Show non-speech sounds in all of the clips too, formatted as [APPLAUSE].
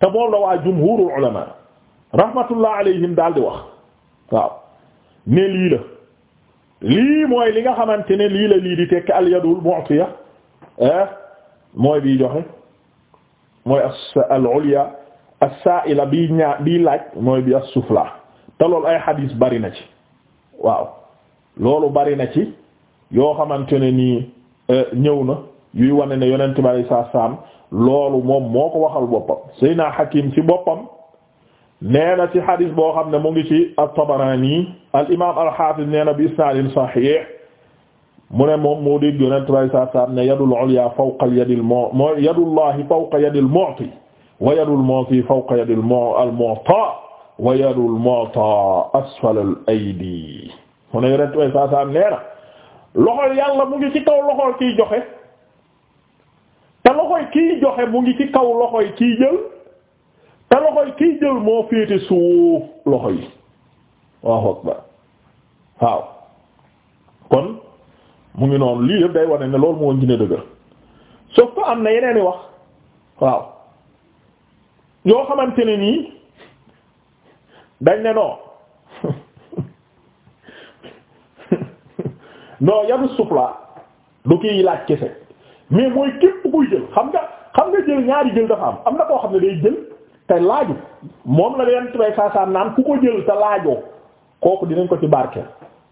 te moom la waa jumhurul ulama rahmatullah alayhim daal di wax waaw ne lii la lii mooy li nga xamante ne lii la lii di tekki al yadul mu'tiya eh, mooy bii joxe mooy al ulya as-sa'ila bii laaj mooy bi as te loolu ay xadiis bari na ci waaw loolu bari na ci yoo xamante ne nii eh, ñëw na yuy wane ne yonent bi alayhi salaatu salaam loolu moom moo ko waxal boppam Seydina Hakim ci boppam ne na ci hadis boo xam ne mu ngi ci at-Tabarani al imaam al-Hafiz nee na bi isnaadin sahih mu ne moom moo dégg yonent bi alayhi salaatu salaam ne yadul ulya fawqa yadil mu mooy yadullahi fawqa ne na loxol yàlla mu ngi ci kaw loxol joxe. loxoy kiy joxe mu ngi ci kaw loxoy kiy jël te loxoy kiy jël moo féete suuf loxo yi waaw waaw kon mu ngi noonu lii yëpp day wane ne loolu moo gën a dëgër sauf que am na yeneen i wax waaw yoo xamante ne nii dañ ne non [LAUGHS] non yabu suuf la du kiy laaj kese mais mooy képp buy jël xam nga xam nga jël ñaari jël dafa am am na koo xam ne day jël te laaju moom la leen tubay saasaan naan ku ko jël te laajoo kooku dinañ ko ci barkeel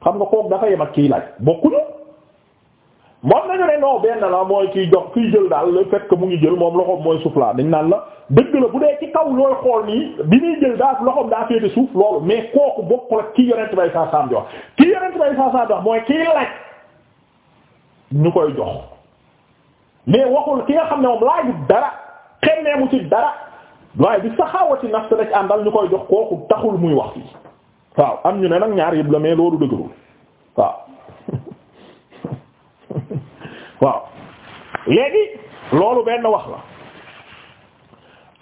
xam nga kooku dafa yem ak kiy laaj bokkuñu moom nañu ne non benn la mooy kiy jox kiy jël daal mu ngi jël moom loxoom mooy suuf dañ naan la dëgg la bu dee ci kaw looy xool nii bi muy jël daa loxoom daa féete suuf loolu kooku bokkul ak kii yonent bay saasaan di wax kii yonent bay mooy kiy laaj ñu koy jox mais waxul ki nga xam ne moom laajut dara xemmee mu ci dara waaye bi saxaawati nafs rek àndal ñu koy jox kooku taxul muy wax fii waaw am ñu ne nag ñaar yëpp la mais loolu dëgërul waaw [LAUGHS] waaw léegi loolu benn wax la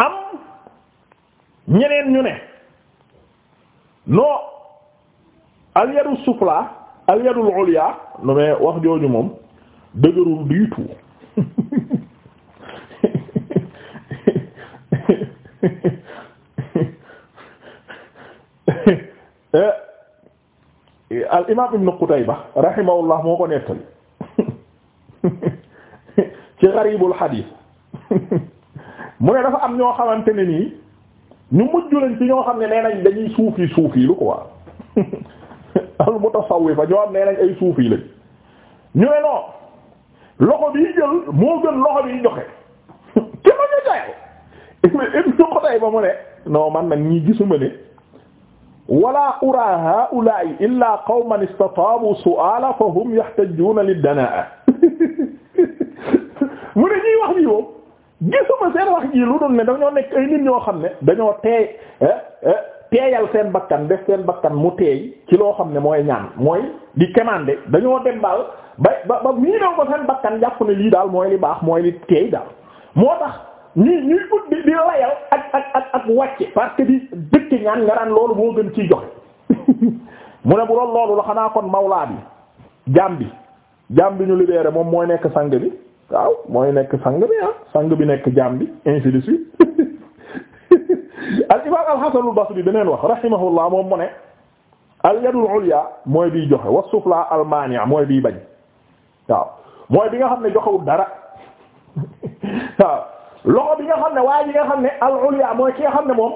am ñeneen ñu ne non al yadu sufla al yadul ulya no mais wax jooju moom dëgërul du tout Eh, al imaam ibnu Qutayba rahimahullah moo ko nettali ci gariibul xadiis mu ne dafa am ñoo xamante ne nii ñu mujj lañ ci ñoo xam ne nee nañ dañuy suufi suufi lu ko waa al mutasawwifa ñoo am nee nañ ay suufi lañ ñu ne non loxo bi jël moo gën loxo bi joxe te ma ñu joxe Ibn Qutayba mu ne non man ñi gisuma ne wala uraa haa'ulaa'i illaa qawman istataabu su'aala fa hum yahtajuuna lid-danaa'a [LAUGHS] mu ne ñuy wax nii moom gisuma seen wax ji lu dul ne dañoo nekk ay nit ñoo xam ne dañoo tey eh, eh, teeyal seen bakkan def seen bakkan mu teey ci loo xam ne mooy ñaan mooy di commander dañoo dem daal ba ba ba mii daw ko seen bakkan jàpp ne lii daal mooy li baax mooy li teey daal moo tax ñuy ñuy ut di di layal ak ak ak wàcce parce que di dëkk ñaan nga daan loolu moo gën ci joxe [LAUGHS] mu ne bu doon loolu la xanaa kon mawlaa bi jaam bi jaam bi ñu libéré moom mooy nekk sang bi waaw mooy nekk sang bi ah sang bi nekk jaam bi ainsi de suite [LAUGHS] al imaam alxasanul basri beneen wax rahimahullah moom mu ne al yadul ulya mooy biy joxe wa sufla al maania mooy biy bañ waaw mooy bi nga xam ne joxewul dara [LAUGHS] waaw loxo bi nga xam ne waaye bi nga xam ne al ki nga xam ne moom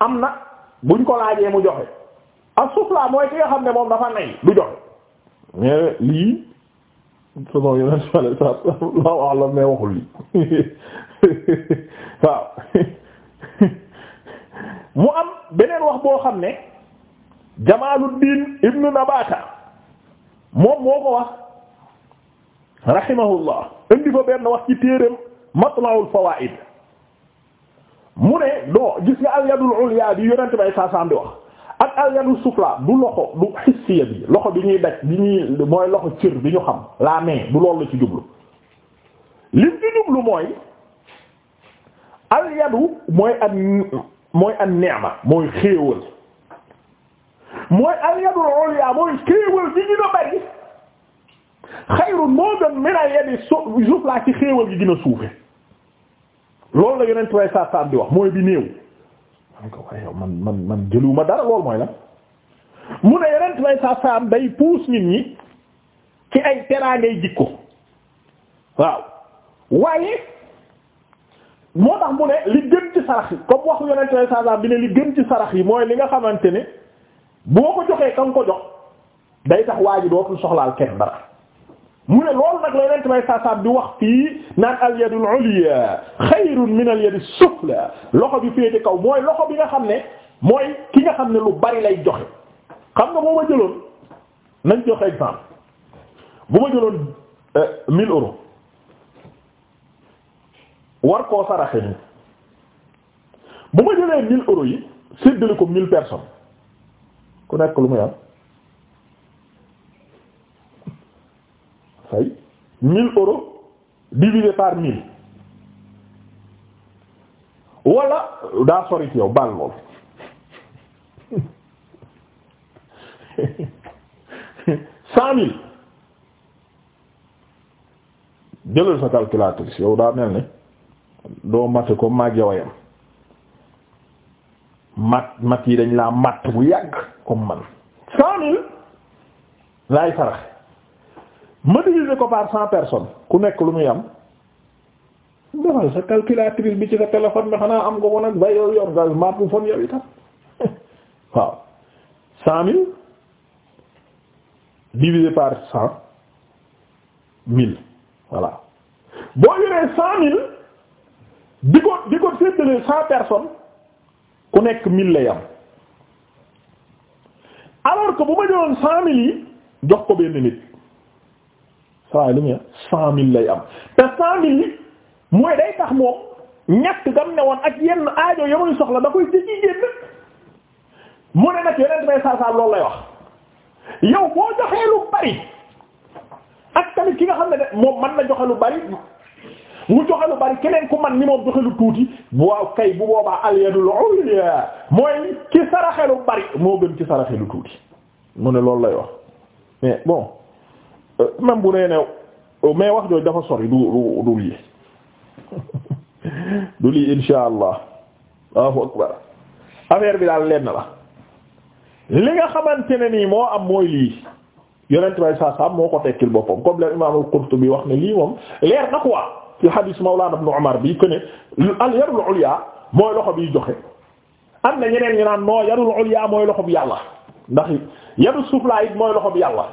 am na buñ ko laajee mu joxe al sufla mooy ki nga xam ne moom dafa nay du joxe mais lii façon yeneen sallallahu [LAUGHS] alayhi wa sallam waxul lii [LAUGHS] waaw mu am beneen wax boo xam ne Jamaluddin ibnu Nabata moom moo ko wax rahimahullah indi fa benn wax ci téereem Matla'ul Fawaa'id mu ne doo gis nga al ulya bi yonent bay saasaam bi wax ak al sufla du loxo du hissiya bi loxo bi ñuy daj bi ñuy mooy loxo cër bi ñu xam la main du loolu la ci jublu lim ci jublu mooy al mooy am mooy an ni'ma mooy xéewal mooy al yadul ulya mooy xéewal gi gën a bari xayrun moo gën min al yadi sufla ci xéewal gi gën suufe loolu la yonent way sa sam bi wax mooy bi néew man ko waaye man man man dara loolu mooy la mu ne yonent way sa sam day puus nit ñi ci ay teraangay jikko waaw waaye moo tax mu ne li gën ci sarax yi comme waxu yonent ay saasaam bi ne li gën ci sarax yi mooy li nga xamante ne boo ko joxee kan ko jox day tax waa ji dootul soxlaal kenn dara mu ne loolu nag la yonent ay saasaam bi wax fii naan al yadul ulya xayrun min al yadis sufla loxo bi féete kaw mooy loxo bi nga xam ne mooy ki nga xam ne lu bari lay joxe xam nga boo ma jëloon nañ jox exemple bu ma jëloon 1000 euh, euro war koo saraxe nii bu ma jëlee mille euros yi séddale ko mille personnes ku nekk lu muy am fay mille euros divisé par mille wala daa sori ci baal lool cent mille jëlal sa calculatrice yow daa mel ni doo mate ko ma yow yam mat mat yi dañ laa mat bu yàgg comme man cent mille laay farax ma diviser ko par cent personnes ku nekk lu muy am defal sa calculatrice bi ci sa téléphone bi xanaa am nga ko nag bay yow yor nga mat bu fon yow itam [LAUGHS] waaw cent mille divisé par cent mille voilà boo yoree cent mille di ko di ko séddalee cent personnes ku nekk mille lay am alors que bu ma jëloon cent jox ko benn nit saa lu mu cent mille lay am te cent mille yi mooy day tax moom ñett gam ne woon ak yenn aajo yamuy soxla da koy jéggi génn mu ne nag yeneen may saa saa loolu lay wax yow boo joxee lu bari ak tamit ki nga xam ne de moom mën na joxe lu bari mu joxe lu bari keneen ku man ni moom joxe lu tuuti bu waaw kay bu boobaa alyadul ulya mooy ki saraxe bari moo gën ci saraxe lu tuuti mu ne loolu lay wax mais bon euh, même bu nee ne mais wax jooju dafa sori du du du lii [LAUGHS] insha allah Allahu akbar affaire bi daal leen na la li nga xamante ne nii moo am mooy lii yonent bay saa saa moo ko tekkil boppam comme l'imam al-Qurtubi wax ne lii moom leer na quoi ci hadis Mawlana Ibn Umar bi que ne al yarul ulya mooy loxo biy joxe am na ñeneen ñu naan non yarul ulya mooy loxo bi yàlla ndax yarul suuf laa it mooy loxo bi yàlla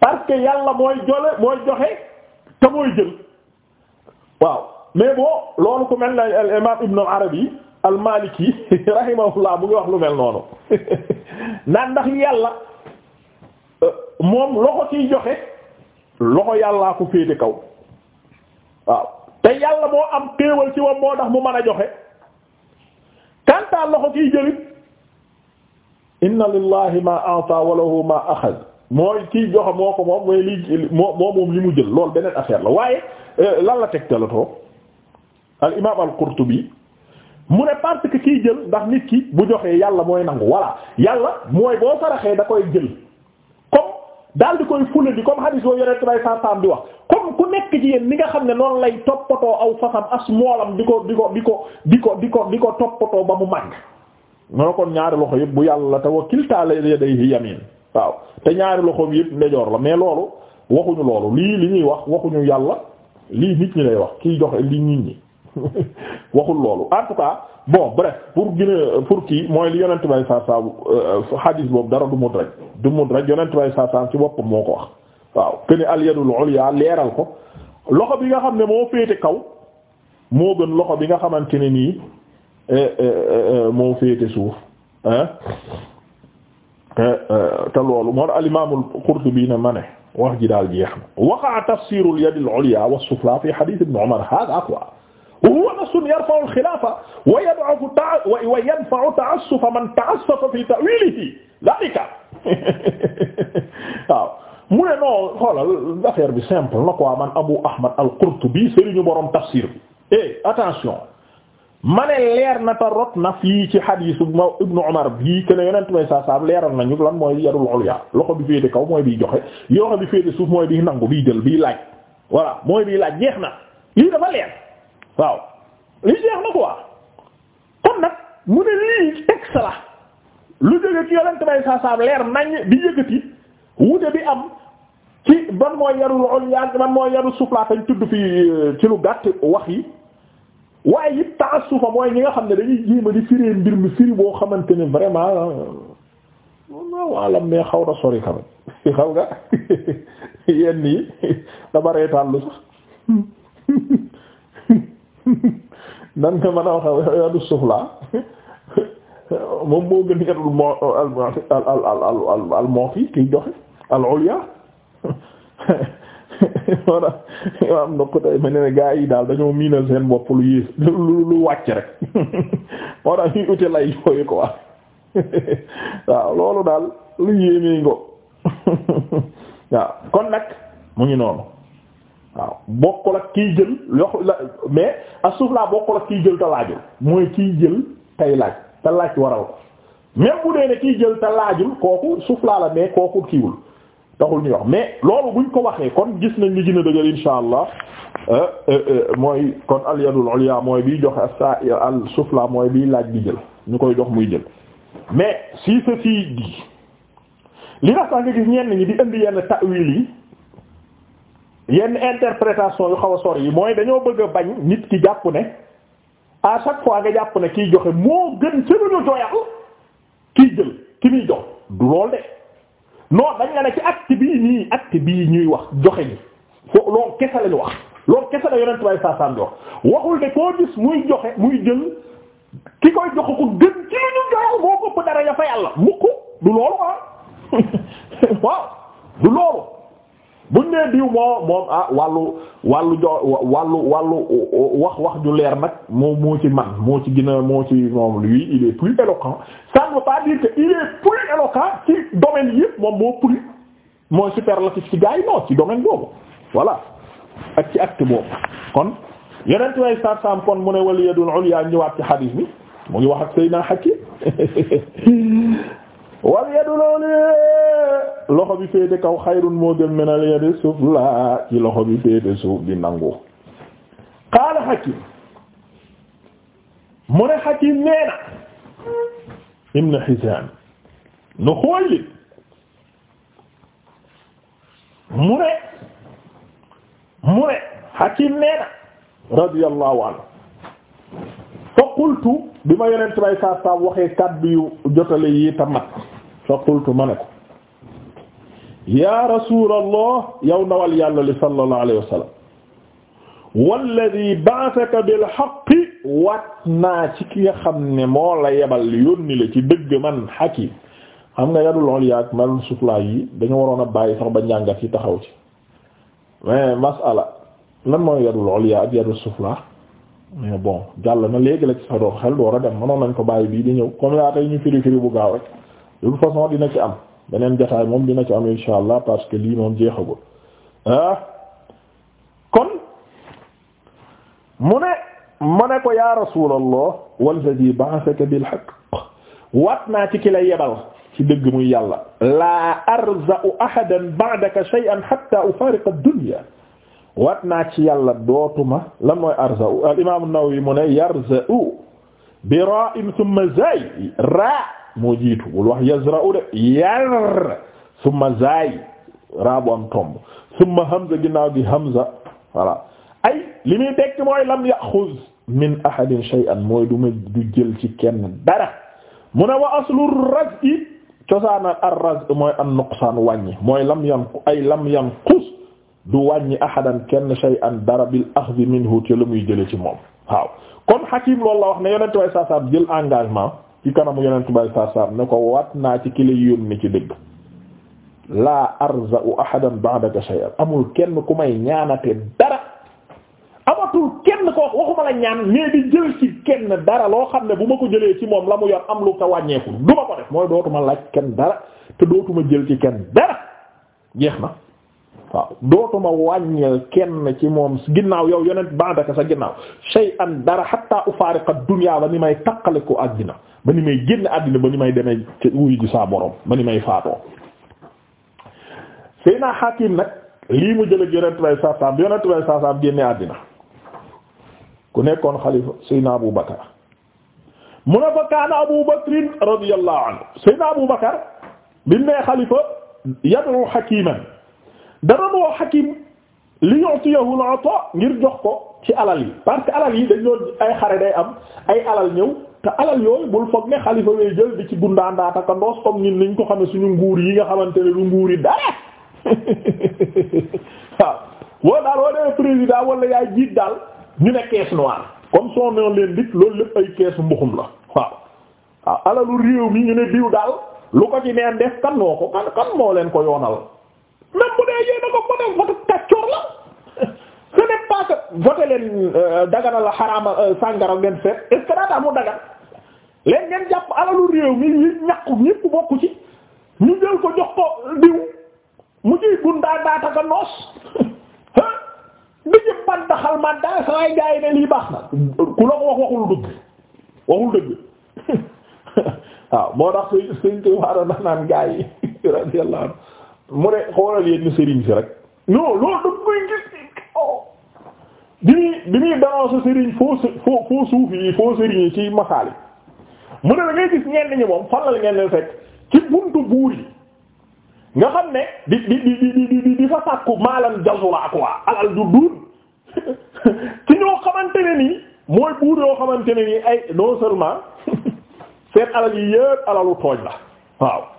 parce que yàlla mooy jole mooy joxe te mooy jël waaw mais boo loolu ku mel ne al imam Ibn Arabi al Maliki [LAUGHS] rahimahullah mu ngi wax lu mel noonu [LAUGHS] naan ndax yàlla euh, moom loxo ciy joxe loxo yàllaa ko féete kaw waaw te yàlla moo am xéewal ci wam moo tax mu mën a joxe kantaan loxo kiy jëlit inna lillahi ma ata wa lahu ma axad mooy kiy joxe moo ko moom mooy li moo moom li mu jël lool beneen affaire la waaye euh, lan la tegtalatoo al imam al qurtubi mu ne parce que kiy jël ndax nit ki bu joxee yàlla mooy nangu voilà yàlla mooy boo saraxee da koy jël daal di koy fulandi comme hadis boobu yore tubay saasaam di wax comme ku nekk ci yéen ni nga xam ne noonu lay toppatoo aw fasam as moolam di ko di ko di ko di ko di ko di ko toppatoo ba mu mag ñoo kon ñaari loxo yëpp bu yàlla te wa kilta yadayhi yamin waaw te ñaari loxoom yëpp ndejoor la mais loolu waxuñu loolu lii li ñuy wax waxuñu yàlla lii nit ñi lay wax kiy joxe lii nit ñi. [LAUGHS] waxul loolu en tout cas bon bref pour gën pour kii mooy li yonent bay saa saa euh, hadis boobu dara du mudraj du mudraj yonent bay saa saa ci boppam moo ko wax waaw keni al yadul ulya leeral ko loxo bi nga xam ne moo féete kaw gën loxo bi nga xamante ne nii eh, eh, eh, moo féete suuf te loolu moo al imaamul Qurtubi ne ma ne wax ji daal jeex na waqa tafsiirul yadil ulya was sufla fi hadith ibn Umar hada quoi huwa nassun yarfa'u al-khilaafa wa man xoolal affaire bi simple na man Abu Ahmad al-Qurtubi sëriñu borom tafsir bi. eh attention ma ne leer na ta na fii ci hadiisu Ibnu Umar bii que ne Yonent may saa saa leeral nañu lan mooy yarul ulya loxo bi féete kaw mooy biy joxe yoo xam bi féete suuf mooy biy nangu biy jël biy laaj voilà mooy biy laaj jeex na lii dafa leer. waaw li jeex na quoi kon nag mu ne lii texte la lu jóge ci yolente bay saasaam leer nañ di yëkkati wute bi am ci ban mooy yarul ulya ban mooy yarul sufla tañ tudd fi euh, ci lu gàtt wax yi waaye it taassufa mooy ñi nga xam ne dañuy jéema di firée mbir mu firi boo xamante ne vraiment waaw euh, waalam mais xaw na sori quand même [LAUGHS] xaw nga [LAUGHS] yenn yi dama reetaan lu sax [LAUGHS] [LAUGHS] nan nga mën a wax riyadu sufla [LAUGHS] moom moo gën riyadul al al al al al kiy joxe al ulya wala [LAUGHS] am na ko tey ma ne ne gaa yi daal dañoo miinal seen bopp lu yées lu lu wàcc rek moo tax ñuy ute lay yooyu ko wax waaw loolu daal lu yéemee ngo waaw kon nag mu ngi noonu waaw bokkul ak kiy jël yox la mais as-sufla bokkul ak kiy jël te laajul mooy kiy jël tey laaj te laaj waral ko même bu dee ne kiy jël te laajul kooku sufla la mais kooku kiiwul taxul ñuy wax mais loolu buñ ko waxee kon gis nañ li gën a dëgër insha allah euh, euh, euh, mooy kon al yadul ulya mooy biy joxe sa al sufla mooy biy laaj bi jël ñu koy jox muy jël mais si ceci dit li nga sax nga gis ñenn ñi di indi yenn ta'wil yi yenn interprétation yu xaw a sor yi mooy dañoo bëgg a bañ nit ki jàppu ne à chaque fois nga jàpp ne kiy joxe moo gën ci lu ñu jooyal kiy jël ki muy jox du lool de non dañ la ci acte bii nii acte bii ñuy wax joxe gi fo loolu kese lañu wax loolu kese la yonent bay saa saan jox waxul ne koo gis muy joxe muy jël ki koy jox ko gën ci lu ñu jooyal moo ko dara ya fa yàlla mukk du loolu ah [LAUGHS] diw moo moom ah wàllu wàllu jo wàllu wàllu wax wax ju leer nag moo moo ci man moo ci gën a moo ci moom lui il est plus éloquent ça pas dire que il est plus éloquent ci domaine yëpp moom moo plus mooy superlatif ci gars yi non ci domaine boobu voilà ak ci acte boobu kon yeneen way sar sam kon mu ne wal yadul ulya ñëwaat ci hadith bi mu ngi wax ak Seydina Hakim [LAUGHS] wal yadu loolu loxo bi féete kaw xayrun moo gën min al yadi sufla ci loxo bi féete suuf di nangu qaala Hakim mu ne Hakim nee na ibn Hizam nu Xuwaylid mu ne mu ne Hakim nee na radiyallahu anhu fa bi ma yonent bay saa saa waxee kàddu yu jotale yi tamat fa qultu ma ne ko ya rasulallah yow ndawal yàlla li sallallahu alayhi wa sallam walladi ba'athaka bil haqqi waat naa ci ki nga xam ne moo la yebal yónni la ci dëgg man hakim xam nga yadul lool yaag marul suflaa yi dañu waroon a bàyyi sax ba njàngat yi taxaw ci mais masala lan mooy yadul lool yi ak yadul suflaa mais bon jàll na léegi la ci sa doon xel door a dem mënoon nañ ko bàyyi bii di ñëw comme yaa tey ñu firi firi bu gaaw rek de toute façon dina ci am beneen jotaay moom dina ci am insha allah parce que lii moom jeexagul ah kon mu ne mu ne ko ya rasulallah walladhi ba'athaka bil haqq waat naa ci ki la yebal ci dëgg muy yàlla laa arza'u ahadan ba'daka shay'an hatta ufariqa ad-dunya waat naa ci yàlla dootuma lan mooy arza'u al imam an-Nawawi mu ne yarza'u bi ra'in thumma zay ra moo jiitu wul wax yazra'u de yar summa zaay raabu am tomb summa hamza ginnaaw gi hamza voilà ay li muy tekki mooy lam yaxuz min ahadin shay'an mooy du ma jël ci kenn dara mu ne wa aslu raz'i cosaana ar-raz'i mooy an nuqsaan wàññi mooy lam yan ay lam yanqus du wàññi ahadan kenn shay'an dara bil axdi minhu te la muy jële ci moom waaw kon Hakim loolu la wax ne yonent way saasaam jël engagement ci kanamu yonent bay saasaam ne ko wat naa ci kile yónni ci dëgg laa arza'u ahadan ko shay'an amul kenn ku may ñaana te dara amatul kenn ko waxuma la ñaan mais di jël ci kenn dara loo xam ne bu ma ko jëlee ci moom la mu yor am lu ko wàññeeku du ko def mooy dootuma laaj kenn dara te dootuma jël ci kenn dara jeex na waaw dootuma wàññil kenn ci moom ginnaaw yow yonent ba'daka sa ginnaaw shay'an dara hatta ufaariqa dunya ba ni may takkale ko àddina ba ni may génn àddina ba ni may demee ci wuyu ji saa borom ba ni may faatoo Seyna Hakim nag lii mu jëlee yonent bay saa saam yonent bay saa ku nekkoon xalifa Seyna Abu Bakar mu ne fa kaana Abu Bakrin radiyallahu anhu Seyna Abu Bakar bi mu nee xalifa yadu Hakiman da doon woo li yu'tiyahu al-'ata ngir jox ko ci alal yi parce que alal yi dañ doon ay xare day am ay alal ñëw te alal yooyu bul foog ne xalifa way jël di ci gundaandaata ka ndoos comme ñun niñ ko xame suñu nguur yi nga xamante ne lu nguur yi dara [LAUGHS] waaw woo daal woo demee président wala yaay jiit daal ñu ne caisse noire comme soo noonu leen dit loolu lépp ay keesu mbuxum la waaw waaw alalu réew mi ñu ne diw daal lu ko ci neen def kan noo ko kan kan moo leen ko même bu dee yéen a ko voté vote kàccoor la ce n'est pas leen euh, dagana la xaraama euh, sàngara ngeen seet est mu dagan leen ngeen jàpp alalu réew mi yi ñàkku ñépp bokku ci ñu jël ko jox ko diw mu ciy gundaa daata ka noos [LAUGHS] di jëpp bandaxal man daa saay gaay ne lii baax na ku la ko wax waxul dëgg waxul dëgg [LAUGHS] waaw moo tax suñ suñ ko waroon naan gaay [LAUGHS] radiyallahu anhu mu ne xoolal yenn sëriñ si rek non loolu daf koy gis oh. bi muy bi muy danoo sëriñ foo foo yi foo sëriñ yi ci masaali mu ne da ngay gis ñenn ñi moom fan la ngeen leen fekk ci buntu buur yi nga xam ne di di di di di di fa sàkku maalam jazula quoi alal du duun [LAUGHS] ci ñoo xamante nii mooy buur yoo xamante ne nii ay non seulement [LAUGHS] seen alal yi yëpp alalu tooj la waaw.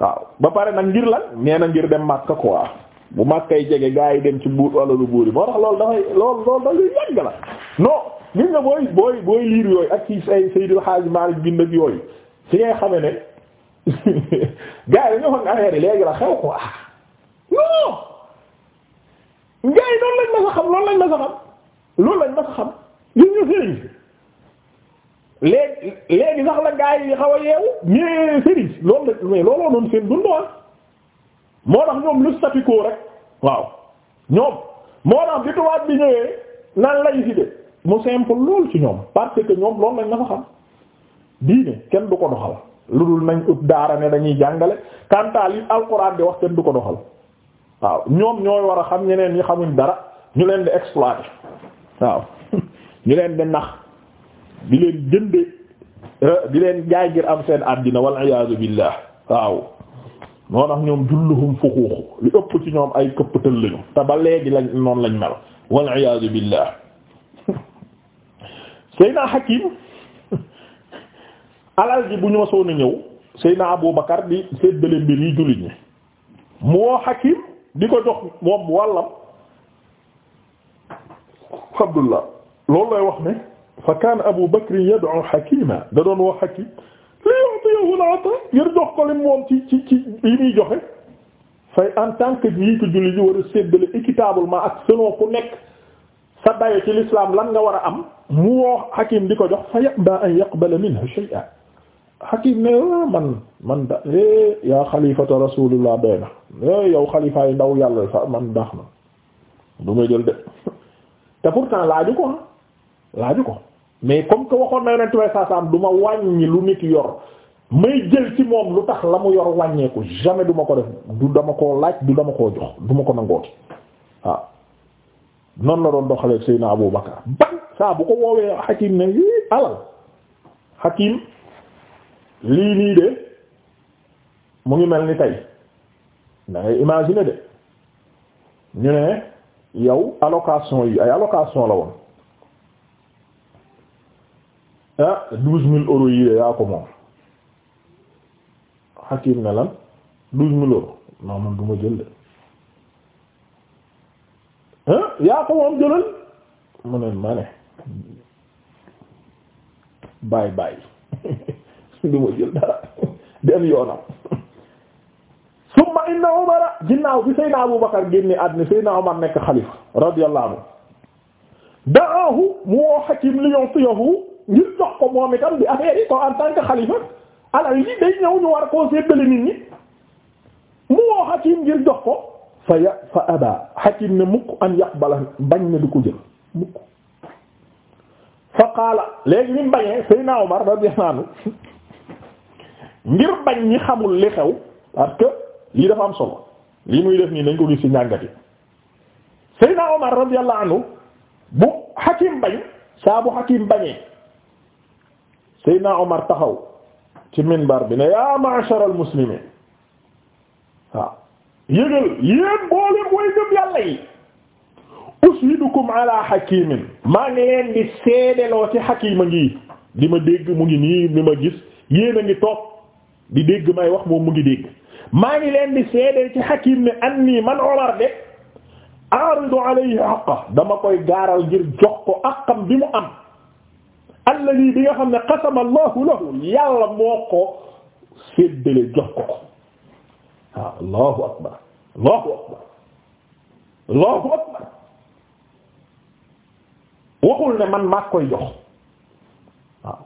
waaw ba pare nag ngir la nee na ngir dem Makka quoi bu Makkay jege gaa yi dem ci buur alalu buur yi moo tax loolu dafay loolu loolu da luy yàgg la non gis nga booy booy booy liir yooyu ak ci say Seydil Hadji Malick bind ak yooyu ci ngay xamee ne [LAUGHS] gaa yi dañoo xam ne yi léegi la xew quoi non gaa yi noonu lañ ma sa xam loolu lañ ma sa xam loolu lañ ma sa xam gis nga sëriñ léegi léegi sax la gaa yi xaw a yeewu mais sëriñ loolu la mais looloo noonu seen dund ah. moo tax ñoom lu statu quo rek waaw ñoom moo tax bi tubaab bi ñëwee nan lay si de mu simple lool ci ñoom parce que ñoom loolu lañ na fa xam diine kenn du ko doxal lu dul nañ ut daara ne dañuy jàngale kantaal yi alxuraan di wax kenn du ko doxal waaw ñoom ñooy war a xam ñeneen yi xamuñ dara ñu leen di exploiter waaw [LAUGHS] ñu leen di nax. di leen jënde eh, di leen jaay ngir am seen àddina wal iyaazu billah waaw moo tax ñoom julluhum fuxuux li ëpp ci ñoom ay këppatal lañu te ba léegi lañ noonu lañ mel wal iyaazu billah [LAUGHS] Seyna Hakim [LAUGHS] alal ji bu ñu wasoon a ñëw Seyna Abu Bakar di séddale mbir yi jullit ñi mu woo Hakim di ko jox moom wàllam Abdullah loolu lay wax ne fa kaana Abu Bakr yad'u Hakima da doon wax Hakim li yu'tihi al-'ata ngir jox ko lim moom ci ci ci yi muy joxe fay en tant que jiitu julli ji war a séddale équitablement ak selon ku nekk sa dayo ci l'islam lan nga war a am mu woo Hakim di ko jox fa ya'ba an yaqbala minhu shay'an Hakim ne ah, man man da eh, yaa xalifata rasulillah doy eh, yow xalifaay ndaw yàlla sa man ndax na du may jël de [LAUGHS] te pourtant laaju ko ah. laaju ko mais comme que waxoon na yonent way saasaam du ma wàññi lu nit yor may jël ci moom lu tax la mu yor wàññeeku jamais duma ko def du dama ko laaj du dama ko jox duma ko nangooti waaw noonu la doon doxalee Seydina Abu Bakar ban saa bu ko woowee Hakim ne yii alal Hakim lii nii de mu ngi mel ni tey da ngay de ñu ne yow allocation yi ay allocation la woon ah douze mille euros yi de yaa ko moom Hakim ne douze mille euros non man du ma jël de ah yaa ko moom jëlal mu ne ma ne bàyyi [LAUGHS] du ma jël dara dem yoonam [LAUGHS] summa inna Umar ginnaaw bi Seydina Abu génne àddina Seydina Umar nekk xalifa radiyallahu anhu da'ahu mu woo Hakim li yutiyahu ngir jox ko moom itam bi affaire yi ko en xalifa alal yi day ñëw ñu war koo séddale nit ñi mu woo Hakim ngir jox ko fa ya fa aba Hakim ne mukk an yaqbala bañ ne du ko jël mukk fa qaala léegi ñu bañee Seydina Omar radiyallahu anhu ngir bañ ñi xamul li xew parce que lii dafa am solo lii muy def nii nañ ko gis ci ñàngati Seydina Omar radiyallahu anhu bu Hakim bañ saa bu bañee Seydina Omar taxaw ci minbar bi ne yaa ma'shar al muslimin waaw yégal yéen mboolem way gëm yi ushidukum ala hakimin maa ngi leen di seedeloo ci hakima ngi di ma dégg mu ngi nii di ma gis yéen a ngi toog di dégg may wax moom mu ngi dégg maa ngi leen di seedeel ci hakim ne anni man Omar de aridu alayhi haqqa dama koy gaaral ngir jox ko bi mu am lii bi nga xam ne qasama allahu lahu yàlla moo ko séddale jox ko ko waaw ah, allahu akbar allahu akbar allahu akbar waxul ne man maa koy jox waaw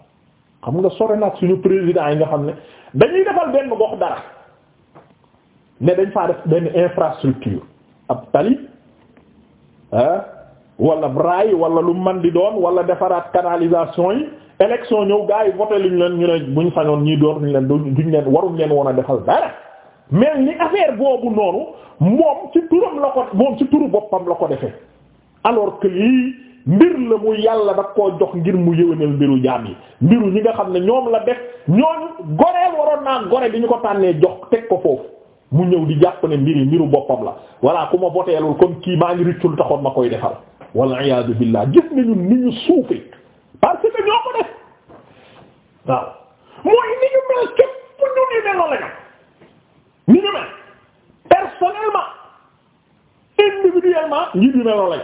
xam nga sore nag suñu président yi nga xam ne dañuy defal benn gox dara ne dañ faa def benn infrastructure ab tali ah wala braay wala lu man di doon wala defaraat canalisation yi élection ñëw gars yi voté luñ leen ñu ne buñ sañoon ñii door ñu leen duñ leen waruñ leen woon a defal dara mel ni affaire boobu noonu moom ci turam la ko moom ci turu boppam la ko defee alors que lii mbir la mu yàlla da koo jox ngir mu yëwénal mbiru jaam yi mbiru ñi nga xam ne ñoom la def ñooñu goreel waroon naa gore bi ñu ko tànnee jox teg ko foofu mu ñëw di jàpp ne mbir yi mbiru boppam ku ma voteelul kon kii maa ngi rëccul ma koy defal wal iyaadu billah gis nañu ni ñu suufee parce que ñoo ko def waaw mooy ni ñu mel képp ñu ni mel la ñu ni ñu mel personnellement individuellement ñi ñu mel la ñu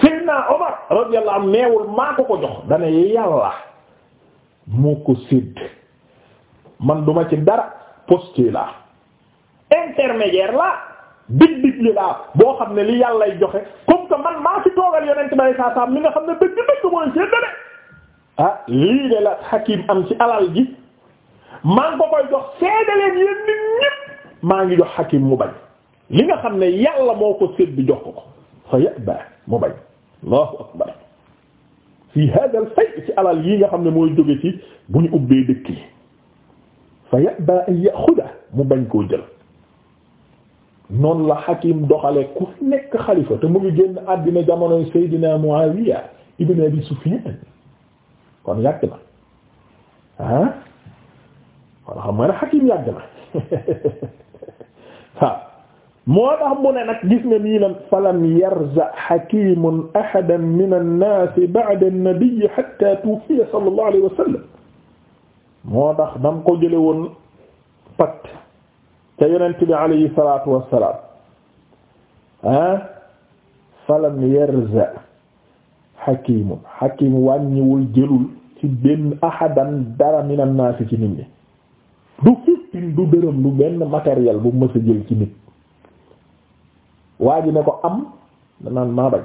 Seydina Omar radiyallahu anhu neewul maa ko ko jox dana yàlla moo ko sédd man duma ci dara poste laa intermédiaire laa dig digle laa boo xam ne li yàllay joxe comme que man maa fi toogal yonent bay saa saam mi nga xam ne dëgg dëgg mooy séddale ah lii de la Hakim am ci alal ji maa ngi jox séddaleen ngi jox Hakim mu bañ li nga xam ne yàlla moo ko sédd jox ko ko fa yaba mu bañ Allahu akbar fi hada fay ci alal yi nga xam ne mooy jóge ci bu ñu ubbee dëkk yi fa yaba an yaxuda mu bañ koo jël noonu la Hakim doxale ku nekk xalifa te mu ngi génn àddina jamonoy Seydina Muawiya ibn Abi Sufyan kon yàgg na ah kon xam nga ne Hakim yàgg na [LAUGHS] waaw moo tax mu ne nag gis nga nii lan falam yarza Hakimun ahadan min an-nas ba'da an-nabi hatta tuwfiya sallallahu alayhi wa sallam moo tax dam ko jële woon pat ca yonent bi alayhi salaatu wassalaam ah hakim wàññiwul jëlul ci benn ahadan dara minan ci nit ñi du fiftin du dërëm du benn matériel bu mës a jël ci nit waa ji ne ko am danaan maa bañ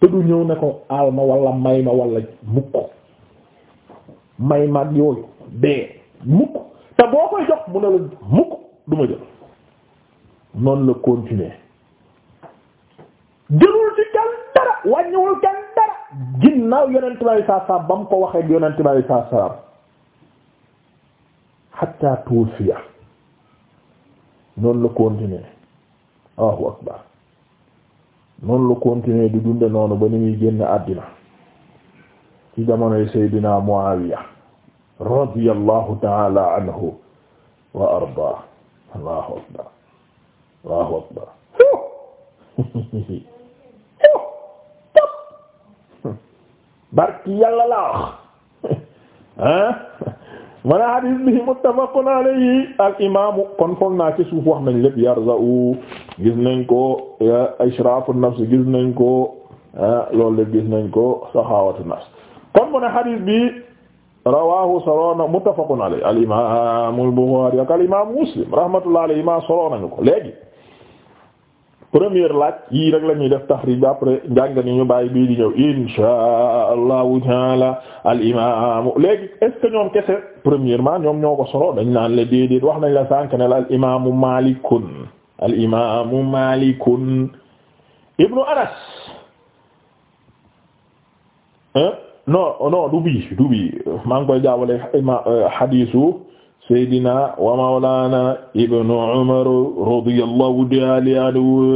te ñëw ne ko aal ma wala may ma wala mukk may mag yooyu dee mukk te boo koy jox mu ne la mukk du ma jël noonu la continuer jëlul ci kenn wàññiwul kenn dara ginnaaw saa saa ba mu ko waxee yonent bi saa saa hatta tuwfiya noonu la continuer Allahu akbar noonu la continuer di dunde noonu ba ni muy génn àddina ci jamonoy Seydina Muawiya radiyallahu ta'ala anhu wa ardaa allahu akbar allahu akbar barki yàlla laa wax ah mana hadis bi muttafaqun alayhi al imaamu kon foog naa ci suuf wax nañ lépp yarza'u gis nañ ko ishraafu nafs gis nañ ko loolu lépp gis nañ ko saxaawatu nafs kon mu ne hadis bi rawahu soloona muttafaqun alayhi al imam al Bukhari ak al imam Muslim rahmatullah alayhi ma soloo nañu ko léegi première laaj yii rek la ñuy def taxrij ba après njàng ni ñu bàyyi bii di ñëw insha allahu taala al imam léegi est ce que kese premièrement ñoom ñoo ko solo dañ naan la déedéet wax la sànk al imamu malikun al imamu malikun ibnu anas non non du bi du bi maa ngi koy jaawale eh, hadiisu Seydina wa Mawlana Ibnu Umar radiyallahu ta'ala anhu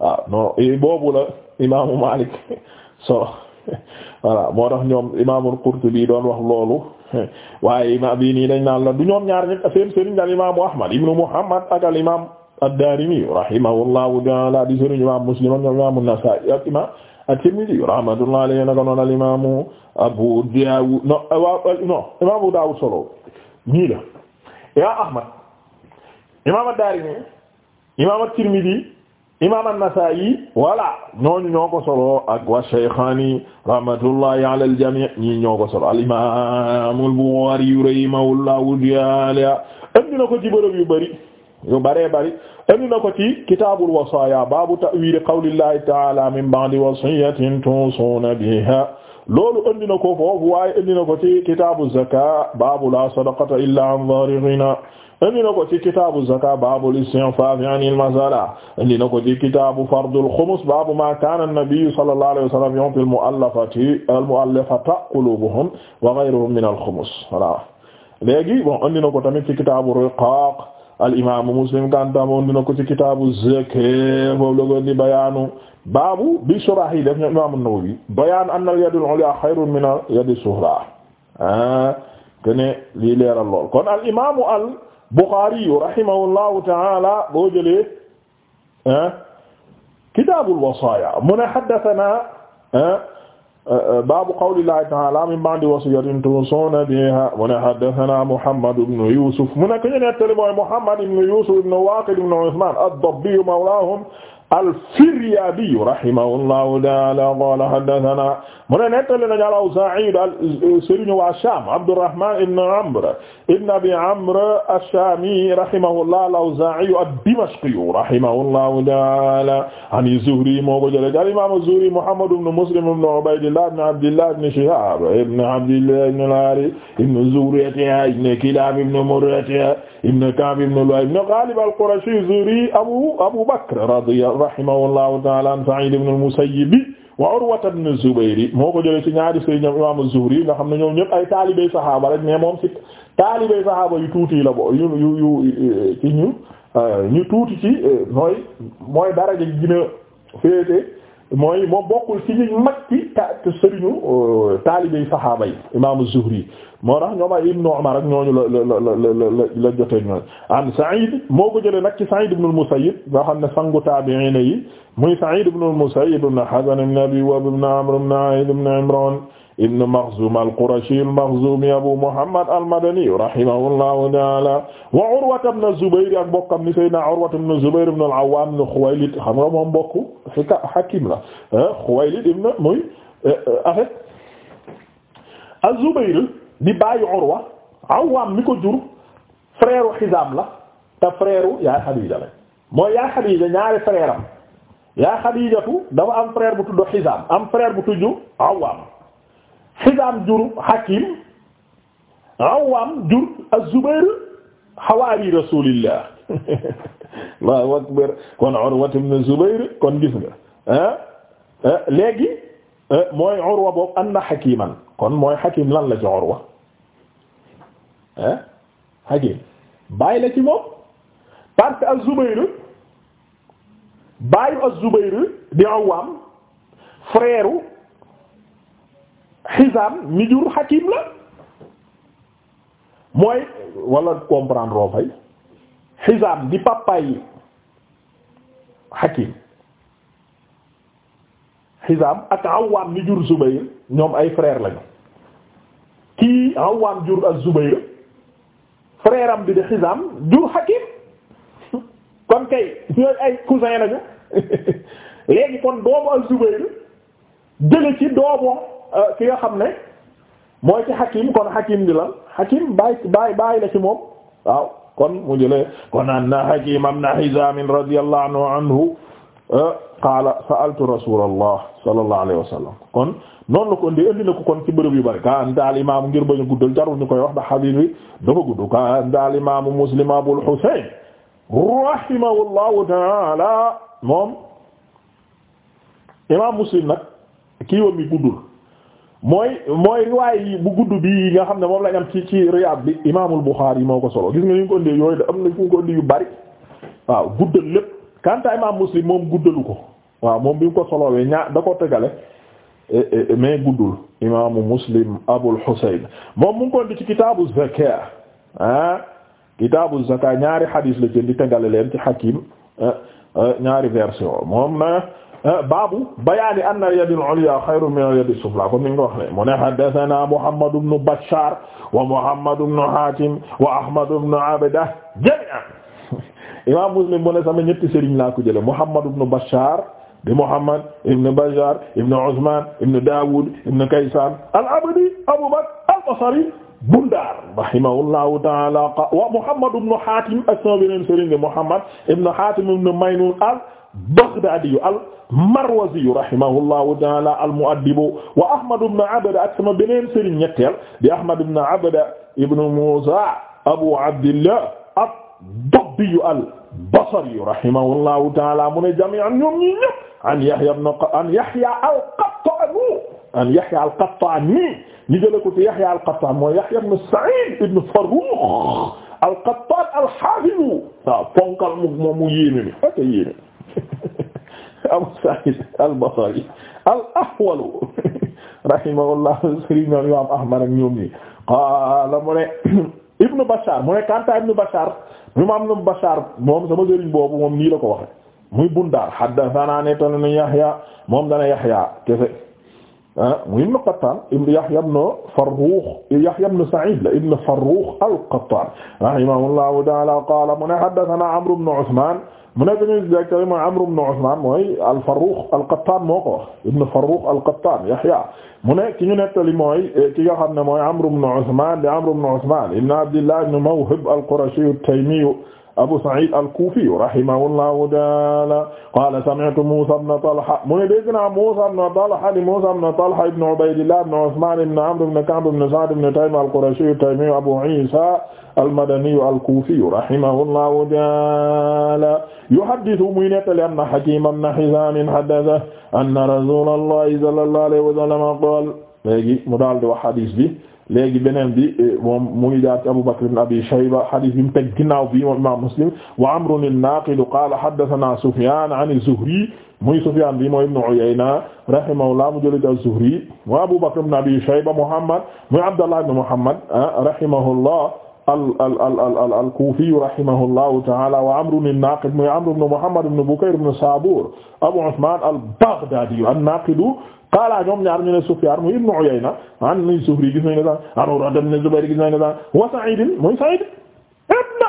ah non boobu la imaamu Maalik so voilà moo tax ñoom imaamul Qurtubi doon wax loolu waaye imaam yi nii dañ naan la du ñoom ñaar ñëpp seen sëriñ al imaamu Ahmad ibnu Muhammad ak al imaam ad-Daarimi rahimahullahu ta'ala di sëriñ imaam Muslim ak ñoom imaam an-Nasaa'i ak imaam at-Tirmidhi rahmatullahi alayhi naka noon al imaamu Abu Dawud solo ñii la Ahmad imaam ad-Daarimi imaam at-Tirmidhi imaam an-Nasaa'i voilà ñooñu ñoo ko solo ak wa shaykhaani rahmatullahi al-jamii' ñii ñoo solo al-imaam al-Bukhaari rahimahullahu ta'aala andi na ko ci bërëb yu bari yu bëree bëri indi na ko ci kitaabul wasaaya baabu ta'wiili qawlillahi ta'aala min ba'di wasiyatin tuusuuna biha loolu indi na ko foofu waaye indi na ko ci kitaabu zakaat baabu laa sadaqata illaa an zahri ghinaa indi na ko ci kitaabu zakaat baabul istinfaaf anil masala indi na ko ci kitaabu fardul xumus baabu maa kaana nabiyyu sallallahu alayhi wa sallam yu'til mu'allafati al-mu'allafata quluubuhum wa ghayruhum minal xumus voilà léegi bon indi na ko tamit ci kitaabu riqaaq al imaamu muslim kantamoon dina ko ci kitaabu zakaat foofu la ko di bayaanu baabu bi surah yi def ñoom imaamu Nawawi bayaan anna al yadul ulya xayrun min al yadi suxra ah te ne lii leeral lool kon al imaamu al Buxaari rahimahullahu ta'ala boo jëlee ah kitaabul wasaaya mu ne haddasanaa ah, baabu qawlillahi ta'ala min ba'di wasiyatin tuusuuna bihaa mu ne haddasanaa Muhammad ibn Yuusuf mu nekk ñu nettali mooy Muhammad ibn Yuusuf ibn Waaqid ibn Usmaan ad-Dabbi mawlaahum al-Firyaabi rahimahullahu ta'aala qaala haddathanaa mu ne nettali nañu al-Awzaa'i sëriñu waa Shaam Abdurrahmaan ibn Amr ibn Abi Amr ash-Shaami rahimahullah al-Awzaa'i ad-Dimashqi rahimahullahu ta'aala an az-Zuhri moo ko jëlee jël imaam az-Zuhri Muhammad ibn Muslim ibn Ubaydillah ibn Abdillah ibn Shihaab ibn Abdillah ibn al-Haarith ibn Zuhri ibn Kilaab ibn Murra ibn Ka'b ibn Lu'ay ibn Ghaalib al-Qurashi az-Zuhri Abu Abu Bakr radiyallahu rahimahullahu ta'ala an Sa'id ibn al-Musayyib wa Urwa ibn Zubayr moo ko jëlee ci ñaari sëriñ ñoom zuhri nga xam ne ñoom ñëpp ay taalibey saxaaba rek mais moom ci taalibey saxaaba yu tuuti la bo yu yu yu ci ñu euh, ñu tuuti ci euh, mooy mooy daraja gi gën a féete mooy moo bokkul ci ñi mag ci ta sëriñu euh, taalibey saxaaba yi imaamu Zuhri moo tax ñoom ay Ibnu Umar ak ñooñu la la la la la jotee ñooñu an Sa'id moo ko jëlee nag ci Sa'id ibn al-Musayyib nga xam ne sangu taabi'iin yi muy Sa'id ibn al-Musayyib ibn Hazn ibn Abi Wahb ibn Amr ibn Aid ibn Imran ibn Makhzum al-Qurashi al-Makhzumi Abu Muhammad al-Madani rahimahullahu ta'ala wa Urwa ibn Zubayr ak bokkam ni Seydina Urwa ibn Zubayr ibn al-Awwam ibn Khuwaylid xam nga moom bokk Hakim la ah, Khuwaylid ibn muy eh, eh, en fait az-Zubayr di bàyyi Urwa Awwam mi ko jur frère u Hizaam la te frère u yaay Xadiija la mooy yaay Xadiija ñaari frère am yaay Xadiijatu dafa am frère bu tudd Hizaam am frère bu tudd Awwam Hizaam jur Hakim Awaam jur Az-Zubayr xawaari Rasulillah [LAUGHS] Allahu akbar kon Urwa ibn Zubayr kon gis nga ah, ah léegi ah, mooy Urwa boobu anna Hakiman kon mooy Hakim lan la ci Urwa ah Hakim bàyyi la ci moom parce que Az-Zubayr bàyyi Az-Zubayr di Awaam frère xisaam mi jur xakim la mooy wala comprendre roo fay xisaam di papaay xakim xisaam ak awaam mi jur zubayr ñoom ay frère lañu kii awaam jur ak zubayr frère am bi di xisaam jur xakim kon kay ñooy ay cousin lañu [LAUGHS] léegi kon doomu ak zubayr jële ci doomu Euh, ki nga xam ne mooy ci Hakim kon Hakim di lan Hakim baay baay baay la ci moom waaw kon mu jëlee kon anna Hakim ibn Hizam radiyallahu anhu euh, qaala sa'altu rasulallah sallallahu alayhi wa sallam kon noonu la ko indi indi na ko kon ci bërëb yu bari kan daal imaamu ngir bañ a guddal jarul ñu koy wax ba xadiis bi dafa gudd kan daal imaamu Muslim Abul Husayn rahimahullahu ta'ala moom imaam Muslim nag kii wam mi guddul mooy mooy riwaay bu gudd bi nga xam ne moom lañ am ci ci Riyad bi imaamul yi moo ko solo gis nga ñu ko indee yooyu da am na fu ko yu bari waaw guddal lépp kanta imaam Muslim moom guddalu ko waaw moom bi mu ko solowee ñaa da ko tegale eh, eh, eh, mais guddul imaamu Muslim Abul Husayn moom mu ngi ko indi ci kitaabu zakat ah kitaabu zakat ñaari hadith la jël di tegale leen ci Hakim ñaari version moom na Euh, baabu bayaani anna al-yad al-ulya xayrun min al-yad as-sufla comme ni nga ko waxee mu ne haddathana Muhammad ibn Bashshar wa Muhammad ibn Hatim wa Ahmad ibn Abdah jami'an [LAUGHS] Imam Muslim mu ne sama ñetti sëriñ laa ko jëlee Muhammad ibn Bashshar di Muhammad ibn Bashshar ibn Usman ibn Dawud ibn Kaysan al-Abdi Abu Bakr al-Basri Bundar rahimahullahu ta'ala wa Muhammad ibn Hatim ak sama beneen sëriñ di Muhammad ibn Hatim ibn Maynun al Baghdaadi yu al Marwazi yu rahimahullahu ta'ala al mu'addibu wa Ahmad ibn Abda ak sama beneen sëriñ ñetteel di Ahmad ibn Abda ibn Musa Abu Abdillah ad-Dabbi yu al Basri yu rahimahullahu ta'ala mu ne jami'an ñoom ñi ñëpp an Yahya ibn an Yahya al-Qattani an Yahya al-Qattani ñu jëlee ko ci Yahya al-Qattan mooy Yahya ibn Sa'id ibn Farrukh al-Qattan al-Hafiz waaw ponkal mu moom mu yéeme mi ak yéeme [LAUGHS] Abu Sa'id al-Basri al-Ahwal [LAUGHS] rahimahullah sëriñ ñoom imaam Ahmad ak ñoom ñi qaala mu ne [CLEARS THROAT] Ibnu Bashar mu ne kanta Ibnu Bashar imaam Ibnu Bashar moom sama sëriñ boobu moom nii la ko waxe muy Bundaar haddathana netana Yahya moom dana Yahya kese Ah, muy ibn Qattan ibn Yahya ibn Farrukh Yahya ibn Sa'id la ibn Farrukh al-Qattan rahimahullahu ta'ala qala mu ne haddathana Amr ibn Uthman mu nekk ñu directe mooy Amr ibn Uthman mooy al-Farrukh al-Qattan moo ko wax ibn Farrukh al-Qattan Yahya mu ne ki ñu nettali mooy eh, ki nga xam ne mooy Amr ibn Uthman di Amr ibn Uthman ibn Abdillah ibn Mawhib al-Qurashi at-Taymi Abu Sa'id al-Kufi rahimahullahu ta'ala qala sami'tu Musa ibn Talha mu ne dégg naa Musa ibn Talha di Musa ibn Talha ibn Ubaydillah ibn Usman ibn Amr ibn Ka'b ibn Sa'd ibn Tayma al-Qurashi at-Taymi Abu Isa al-Madani al-Kufi rahimahullahu ta'ala yuhaddithu muy nettali anna Hakim ibn Hizam haddathahu anna Rasulullah sallallahu alayhi wa sallam qala léegi mu daal di wax hadis bi léegi beneen bi eh, moom mu ngi jaar ci Abu Bakr ibn Abi Shayba hadith bi mu teg ginnaaw bi moom imam Muslim wa Amrun an-Naqid qala haddathana Sufyan an az-Zuhri muy Sufyan bi mooy ibn Uyayna rahimahullah mu jëlee az-Zuhri wa Abu Bakr ibn Abi Shayba Muhammad muy Abdullah ibn Muhammad ah, rahimahullah al-Kufi rahimahullahu ta'ala wa Amrun an-Naqid muy Amr ibn Muhammad ibn Bukayr ibn Sabur Abu Uthman al-Baghdadi an-Naqid qaala ñoom ñaar ñu ne Sufyaan mu ibnu Uyayna an ni Zuhri gis nañ ko sax an Urwa ibn Zubayr gis nañ ko sax wa Sa'iid muy Sa'iid ibn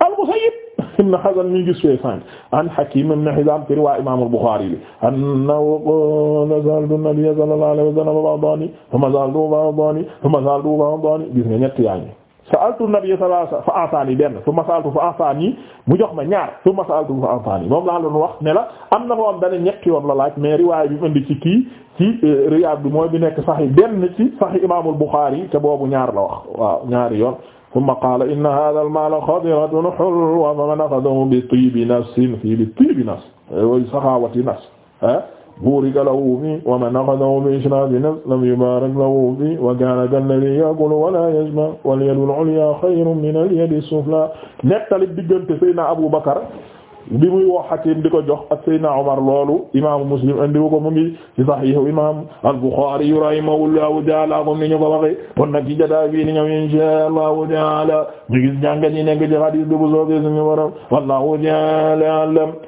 al-Musayyib ibn Hazn mi gis fee sànq an Hakiim ibn Hizaam fi riwaayu Imaam al-Bukhaari li annahu qaala sa'altu an-nabiyya sallallaahu alayhi wa sallam ba'dani thumma sa'altuhu ba'dani thumma sa'altuhu ba'dani gis nga ñett yaa ngi sa'altu nabi sallallahu alayhi wasallam fa ansaan yi benn summa sa'altu fa ansaan yi mu jox ma ñaar summa sa'altu fa ansaan yi moom laa doon wax ne la am na moom benn ñetti yoon la laaj mais riwaay bi mu indi ci kii ci euh, Riyaad bi mooy bi nekk Sahih benn ci Sahih Imaamul Buxaari te boobu ñaar la wax waaw ñaari yoon summa qaala inna haadhal maala xadiratun hulwa faman axadahu bi tibi nafsin fii bi tibi nafs wa saxaawati nafs ah. burika lahu fi wa man akhadahu bi israfin lam yubarak lahu fi wa kana kalladhi ya'kulu wa la yashba wal yadul ulya khayrun min al yadi sufla nettali diggante Seydina Abu Bakar bi muy wax Hakim di ko jox ak Seydina Omar loolu imaamu Muslim andi ko mu ngi ci sahihu imam al-Bukhari rahimahullahu ta'ala comme ni ñu ko waxee kon nag ci jotaay bii ni ñëw insha Allahu ta'ala ñu gis jàngat yi nekk ci hadith bi bu soobee suñu borom wallahu ta'ala a'lam